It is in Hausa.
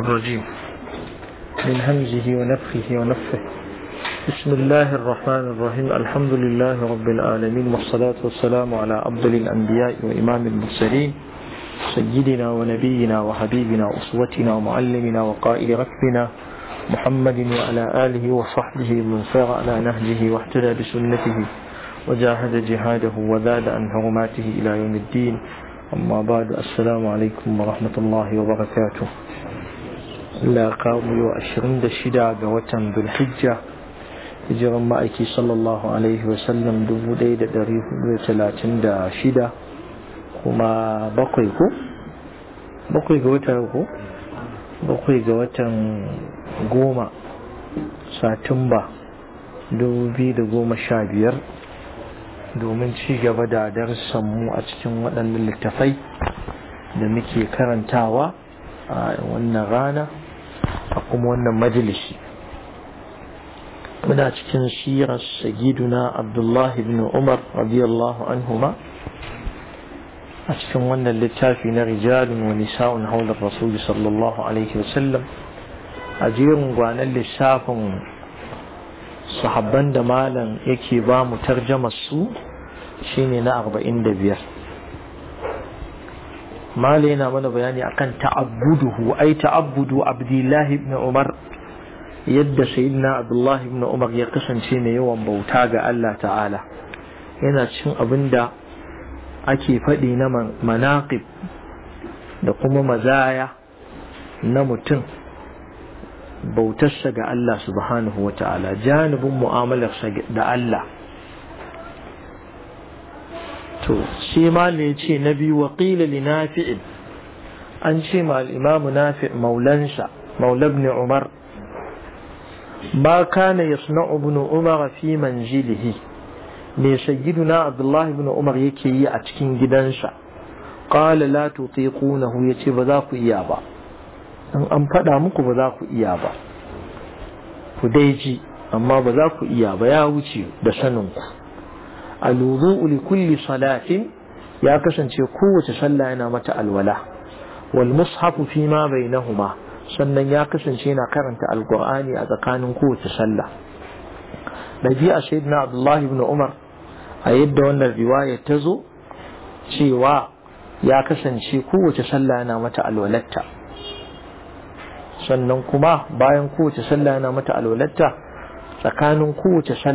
الرجيم من همزه ونفخه ونفه بسم الله الرحمن الرحيم الحمد لله رب العالمين والصلاة والسلام على أفضل الأنبياء وإمام المرسلين سيدنا ونبينا وحبيبنا أسوتنا ومعلمنا وقائد ركبنا محمد وعلى آله وصحبه من سار على نهجه واهتدى بسنته وجاهد جهاده وزاد عن حرماته إلى يوم الدين أما بعد السلام عليكم ورحمة الله وبركاته Allah kawo yau ashirin da shida ga watan Zulhijja hijiran ma'aiki sallallahu alaihi wasallam dubu ɗaya da ɗari hudu da talatin da shida kuma bakwai ko? bakwai ga watan ko? bakwai ga watan goma satumba dubu biyu da goma sha biyar domin ci gaba da darussanmu a cikin waɗannan littattafai da muke karantawa a wannan rana a kuma wannan majalisi muna cikin shirar shagiduna abdullahi bin umar radiyallahu anhuma a cikin wannan littafi na rijalun wa nisa'un haular rasuli sallallahu alaihi wasallam a jerin gwanan lissafin sahabban da malam yake ba mu tarjama su shine na 45 Mali yana mana bayani akan ta'abbuduhu ai ta'abbudu Abdullahi ibn umar yadda sayyidina Abdullahi ibn umar ya kasance mai yawan bauta ga Allah ta'ala yana cin abinda ake faɗi na manaqib da kuma mazaya na mutum bautarsa ga Allah subhanahu wa ta'ala janibin mu'amalarsa da Allah to shi malai ce na biyu wa qila li nafi'in an ce ma al-imamu nafi maulansa maula ibn umar ma kana yasna'u ibn umar fi manzilihi me sayyiduna abdullahi ibn umar yake yi a cikin gidansa qala la tutiqunahu yace ba za ku iya ba in an faɗa muku ba za ku iya ba ku dai ji amma ba za ku iya ba ya wuce da saninku الوضوء لكل صلاة يا كسن قوة صلى إنا متى الولا والمصحف فيما بينهما سنة يا كسن شينا قرنت القرآن إذا كان قوة صلى نجي سيدنا عبد الله بن عمر أيد أن الرواية تزو سوى يا كسن قوة صلى إنا متى الولا sannan kuma bayan kowace sallah yana mata alwalatta tsakanin kowace sallah